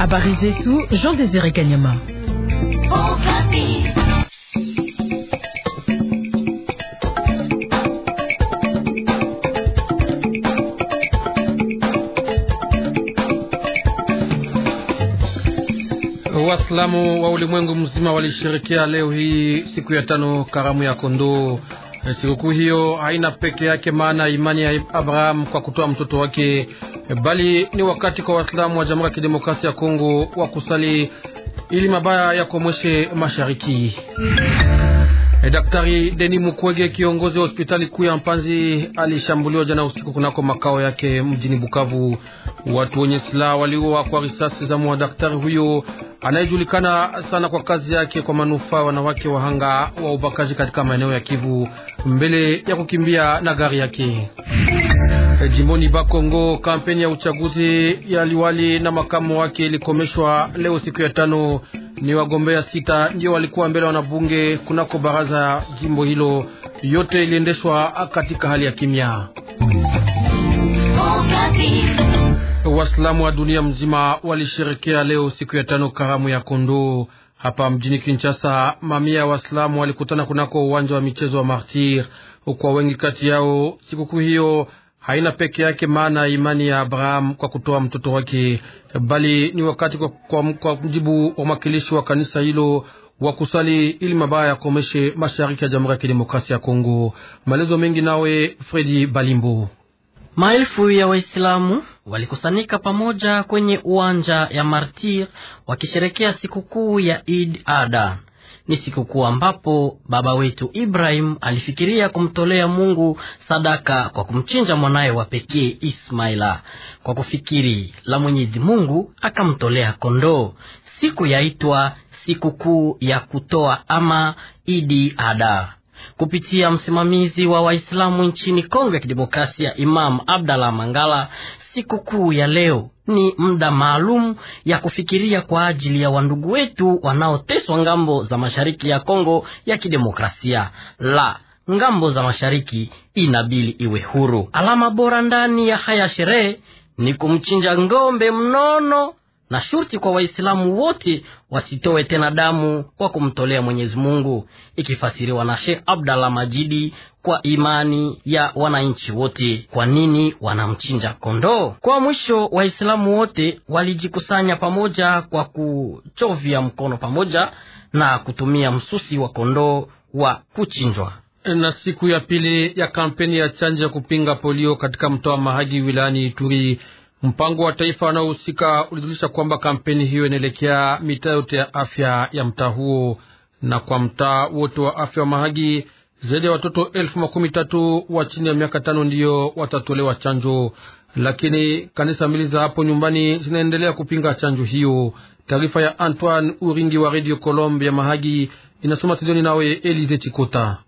Habari zetu Jean Désiré Kanyama. Waislamu wa ulimwengu mzima walisherekea leo hii siku ya tano karamu ya kondoo. Sikukuu hiyo haina peke yake maana imani ya Abraham kwa kutoa mtoto wake E, bali ni wakati kwa Waislamu wa Jamhuri ya Kidemokrasia ya Kongo wa kusali ili mabaya yakomweshe mashariki. E, daktari Deni Mukwege, kiongozi wa hospitali kuu ya Mpanzi, alishambuliwa jana usiku kunako makao yake mjini Bukavu. Watu wenye silaha waliuawa kwa risasi za mwa daktari huyo anayejulikana sana kwa kazi yake kwa manufaa wanawake wahanga wa ubakaji katika maeneo ya Kivu, mbele ya kukimbia na gari yake. E, jimboni Bakongo, kampeni ya uchaguzi ya liwali na makamu wake ilikomeshwa leo siku ya tano. Ni wagombea sita ndio walikuwa mbele wanabunge kunako baraza jimbo hilo. Yote iliendeshwa katika hali ya kimya. Waislamu wa dunia mzima walisherekea leo siku ya tano karamu ya kondoo hapa mjini Kinshasa. Mamia ya Waislamu walikutana kunako uwanja wa michezo wa Martir. Kwa wengi kati yao, sikukuu hiyo haina peke yake maana ya imani ya Abrahamu kwa kutoa mtoto wake, bali ni wakati kwa, kwa, kwa mjibu wa mwakilishi wa kanisa hilo wa kusali ili mabaya yakomeshe mashariki ya Jamhuri ya Kidemokrasia ya Kongo. Maelezo mengi nawe Fredi Balimbo. Maelfu ya Waislamu walikusanyika pamoja kwenye uwanja ya Martir wakisherekea sikukuu ya Eid Adha ni sikukuu ambapo baba wetu Ibrahim alifikiria kumtolea Mungu sadaka kwa kumchinja mwanaye wa pekee Ismaila. Kwa kufikiri la Mwenyezi Mungu akamtolea kondoo. Siku yaitwa sikukuu ya kutoa ama Idi Ada. Kupitia msimamizi wa Waislamu nchini Kongo ya Kidemokrasia, Imam Abdallah Mangala, sikukuu ya leo ni muda maalum ya kufikiria kwa ajili ya wandugu wetu wanaoteswa ngambo za mashariki ya Kongo ya Kidemokrasia. La ngambo za mashariki inabili iwe huru. Alama bora ndani ya haya sherehe ni kumchinja ngombe mnono, na shurti kwa Waislamu wote wasitowe tena damu kwa kumtolea Mwenyezi Mungu, ikifasiriwa na Sheikh Abdallah Majidi kwa imani ya wananchi wote. Kwa nini wanamchinja kondoo? Kwa mwisho, Waislamu wote walijikusanya pamoja kwa kuchovya mkono pamoja na kutumia msusi wa kondoo wa kuchinjwa. Na siku ya pili ya kampeni ya chanjo ya kupinga polio katika mtaa wa Mahagi wilayani Ituri, mpango wa taifa wanaohusika ulijulisha kwamba kampeni hiyo inaelekea mitaa yote ya afya ya mtaa huo, na kwa mtaa wote wa afya wa Mahagi zaidi ya watoto elfu makumi tatu wa chini ya miaka tano ndiyo watatolewa chanjo, lakini kanisa mbili za hapo nyumbani zinaendelea kupinga chanjo hiyo. Taarifa ya Antoine Uringi wa Radio Colombe ya Mahagi inasoma sidoni nawe Elize Chikota.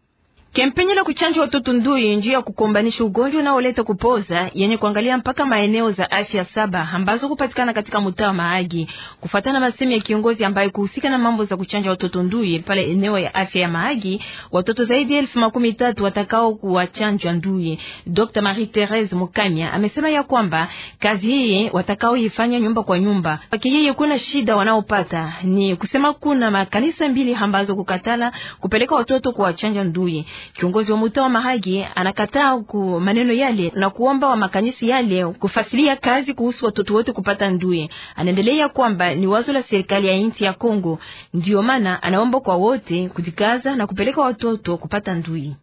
Kampeni la kuchanja watoto ndui njia ya kukombanisha ugonjwa unaoleta kupoza yenye kuangalia mpaka maeneo za afya saba ambazo kupatikana katika mtaa wa Maagi. Kufuatana na masemi ya kiongozi ambaye kuhusika na mambo za kuchanja watoto ndui pale eneo ya afya ya Maagi, watoto zaidi ya elfu makumi tatu watakao kuwachanjwa ndui. Dr. Marie Therese Mukamya amesema ya kwamba kazi hii watakao ifanya nyumba kwa nyumba. Kwa yeye kuna shida wanaopata ni kusema kuna makanisa mbili ambazo kukatala kupeleka watoto kuwachanja ndui. Kiongozi wa mtaa wa Mahagi anakataa ku maneno yale na kuomba wa makanisi yale kufasilia kazi kuhusu watoto wote kupata ndui. Anaendelea kwamba ni wazo la serikali ya nchi ya Kongo, ndio maana anaomba kwa wote kujikaza na kupeleka watoto kupata ndui.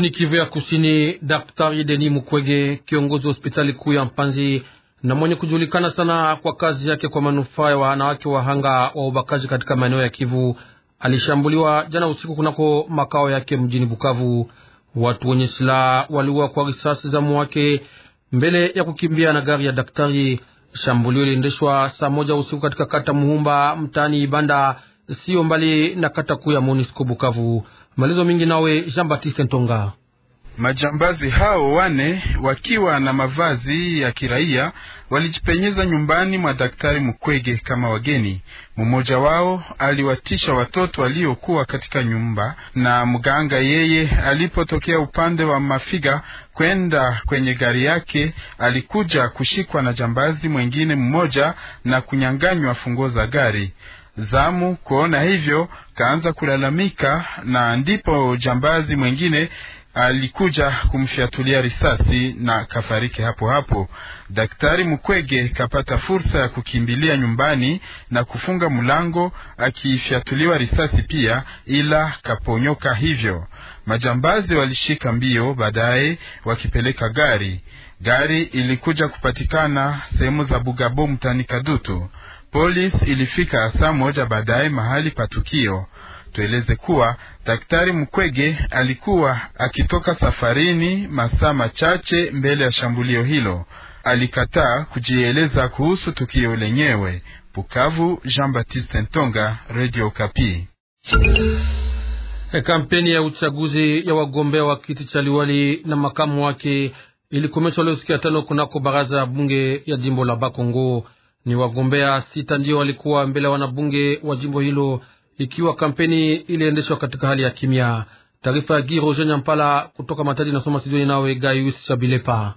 ni Kivu ya Kusini, Daktari Denis Mukwege, kiongozi wa hospitali kuu ya Mpanzi na mwenye kujulikana sana kwa kazi yake kwa manufaa ya wanawake wahanga wa ubakaji katika maeneo ya Kivu alishambuliwa jana usiku kunako makao yake mjini Bukavu. Watu wenye silaha waliua kwa risasi za mwake mbele ya kukimbia na gari ya daktari. Shambulio iliendeshwa saa moja usiku katika kata Muhumba mtaani Ibanda, siyo mbali na kata kuu ya Monisco Bukavu. Maelezo mingi nawe Jean Baptiste Ntonga. Majambazi hao wane wakiwa na mavazi ya kiraia walijipenyeza nyumbani mwa daktari Mukwege kama wageni. Mmoja wao aliwatisha watoto waliokuwa katika nyumba, na mganga yeye alipotokea upande wa Mafiga kwenda kwenye gari yake, alikuja kushikwa na jambazi mwengine mmoja na kunyang'anywa funguo za gari. Zamu kuona hivyo kaanza kulalamika, na ndipo jambazi mwengine alikuja kumfyatulia risasi na kafariki hapo hapo. Daktari Mukwege kapata fursa ya kukimbilia nyumbani na kufunga mlango akifyatuliwa risasi pia, ila kaponyoka hivyo. Majambazi walishika mbio, baadaye wakipeleka gari. Gari ilikuja kupatikana sehemu za Bugabo mtani Kadutu. Polisi ilifika saa moja baadaye mahali pa tukio. Tueleze kuwa Daktari mkwege alikuwa akitoka safarini masaa machache mbele ya shambulio hilo. Alikataa kujieleza kuhusu tukio lenyewe. Bukavu, Jean Baptiste Ntonga, Radio Kapi. E, kampeni ya uchaguzi ya wagombea wa kiti cha liwali na makamu wake ilikomeshwa leo siku ya tano kunako baraza ya bunge ya jimbo la Bakongo. Ni wagombea sita ndio walikuwa mbele ya wanabunge wa jimbo hilo ikiwa kampeni iliendeshwa katika hali ya kimya. Taarifa ya Giroje Nyampala kutoka Matadi, inasoma studioni nawe Gayus Chabilepa.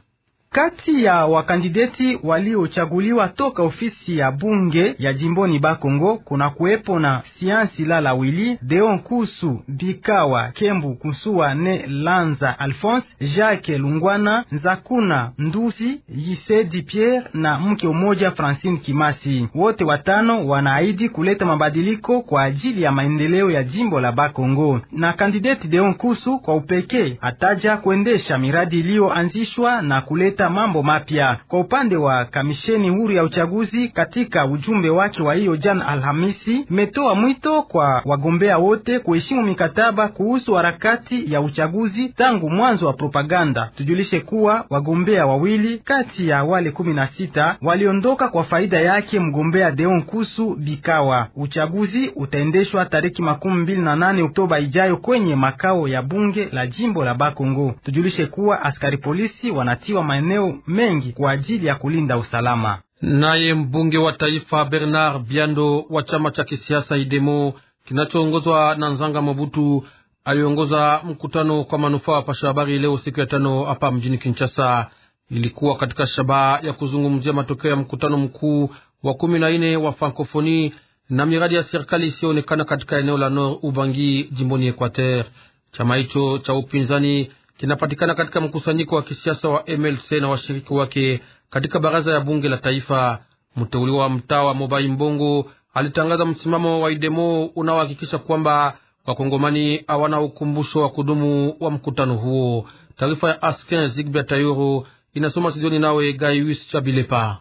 Kati ya wakandideti waliochaguliwa toka ofisi ya bunge ya jimboni Bakongo kuna kuwepo na Siansi Lala Wili, Deon Kusu Bikawa Kembu Kusuwa ne Lanza Alphonse, Jacques Lungwana Nzakuna Ndusi Yisedi Pierre na mke mmoja Francine Kimasi. Wote watano wanaahidi kuleta mabadiliko kwa ajili ya maendeleo ya jimbo la Bakongo. Na kandideti Deon Kusu kwa upekee ataja kuendesha miradi iliyoanzishwa na kuleta kuleta mambo mapya. Kwa upande wa kamisheni huru ya uchaguzi, katika ujumbe wake wa hiyo jana Alhamisi, imetoa mwito kwa wagombea wote kuheshimu mikataba kuhusu harakati ya uchaguzi tangu mwanzo wa propaganda. Tujulishe kuwa wagombea wawili kati ya wale kumi na sita waliondoka kwa faida yake mgombea Deon Kusu Bikawa. Uchaguzi utaendeshwa tariki makumi mbili na nane Oktoba ijayo kwenye makao ya bunge la jimbo la Bakongo. Tujulishe kuwa askari polisi wanatiwa maeneo maeneo mengi kwa ajili ya kulinda usalama. Naye mbunge wa taifa Bernard Biando wa chama cha kisiasa Idemo kinachoongozwa na Nzanga Mobutu aliongoza mkutano kwa manufaa pasha habari leo siku ya tano hapa mjini Kinshasa. Ilikuwa katika shabaha ya kuzungumzia matokeo ya mkutano mkuu wa kumi na nne wa Frankofoni na miradi ya serikali isiyoonekana katika eneo la Nord Ubangi jimboni Equateur. Chama hicho cha upinzani kinapatikana katika mkusanyiko wa kisiasa wa MLC na washiriki wake katika baraza ya bunge la taifa. Mteuliwa wa mtaa wa Mobai Mbongo alitangaza msimamo wa idemo unaohakikisha kwamba wakongomani hawana ukumbusho wa kudumu wa mkutano huo. Taarifa ya Askin Zigbia Tayoro inasoma Sidoni nawe Gaiwis Chabilepa.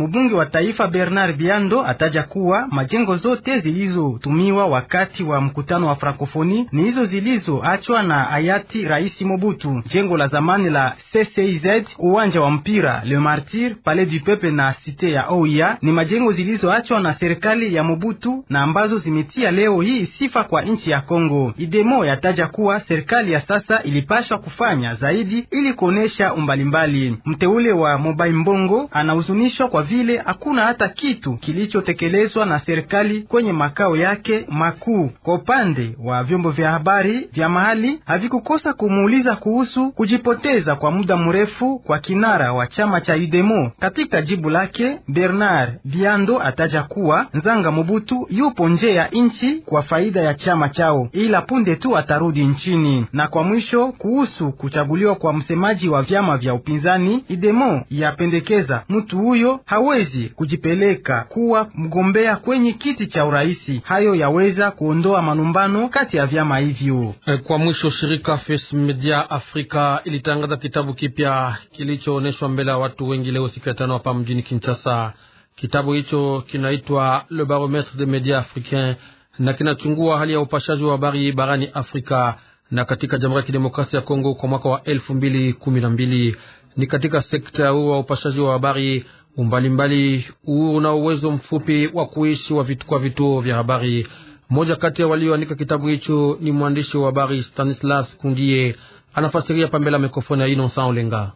Mbunge wa taifa Bernard Biando ataja kuwa majengo zote zilizotumiwa wakati wa mkutano wa Frankofoni ni hizo zilizoachwa na hayati Rais Mobutu: jengo la zamani la CCIZ, uwanja wa mpira Le Martyr, Palais du Peuple na Cite ya Oia. Ni majengo zilizoachwa na serikali ya Mobutu na ambazo zimetia leo hii sifa kwa nchi ya Kongo. Idemo yataja kuwa serikali ya sasa ilipashwa kufanya zaidi ili kuonesha umbalimbali. Mteule wa Mobai Mbongo anahuzunishwa kwa vile hakuna hata kitu kilichotekelezwa na serikali kwenye makao yake makuu. Kwa upande wa vyombo vya habari vya mahali, havikukosa kumuuliza kuhusu kujipoteza kwa muda mrefu kwa kinara wa chama cha Udemo. Katika jibu lake, Bernard Biando ataja kuwa Nzanga Mobutu yupo nje ya nchi kwa faida ya chama chao, ila punde tu atarudi nchini. Na kwa mwisho, kuhusu kuchaguliwa kwa msemaji wa vyama vya upinzani, Idemo yapendekeza mtu huyo hawezi kujipeleka kuwa mgombea kwenye kiti cha uraisi. Hayo yaweza kuondoa manumbano kati ya vyama hivyo. Eh, kwa mwisho, shirika Face Media africa ilitangaza kitabu kipya kilichoonyeshwa mbele ya watu wengi leo siku ya tano hapa mjini Kinshasa. Kitabu hicho kinaitwa Le Barometre des Media Africains na kinachungua hali ya upashaji wa habari barani Afrika na katika Jamhuri ya Kidemokrasia ya Kongo kwa mwaka wa elfu mbili kumi na mbili. Ni katika sekta ya huo wa upashaji wa habari umbalimbali huu una uwezo mfupi wa kuishi wa vitu kwa vituo vya habari. Mmoja kati ya walioandika kitabu hicho ni mwandishi wa habari Stanislas Kundie, anafasiria pambela mikrofoni ya Innocent Olenga.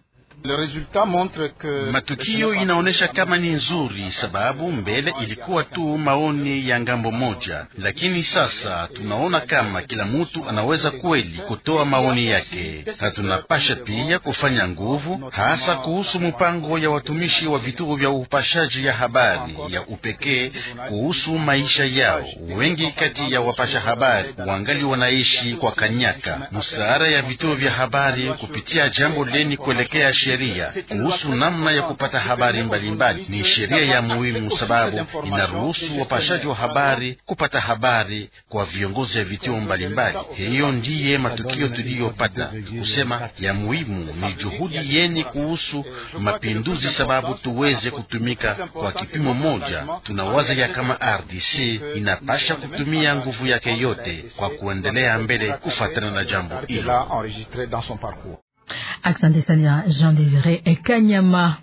Matukio inaonyesha kama ni nzuri, sababu mbele ilikuwa tu maoni ya ngambo moja, lakini sasa tunaona kama kila mtu anaweza kweli kutoa maoni yake, na tunapasha pia kufanya nguvu, hasa kuhusu mpango ya watumishi wa vituo vya upashaji ya habari ya upekee kuhusu maisha yao. Wengi kati ya wapasha habari wangali wanaishi kwa kanyaka. Msaara ya vituo vya habari kupitia jambo leni kuelekea sheria kuhusu namna ya kupata habari mbalimbali. Ni sheria ya muhimu, sababu inaruhusu wapashaji wa habari kupata habari kwa viongozi ya vituo mbalimbali. Hiyo ndiye matukio tuliyopata kusema. Ya muhimu ni juhudi yeni kuhusu mapinduzi, sababu tuweze kutumika kwa kipimo moja. Tunawaza ya kama RDC inapasha kutumia nguvu yake yote kwa kuendelea mbele kufuatana na jambo hilo. Asante sana Jean Desire Kanyama.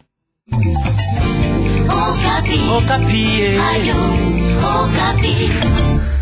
Okapi. Okapi. Okapi.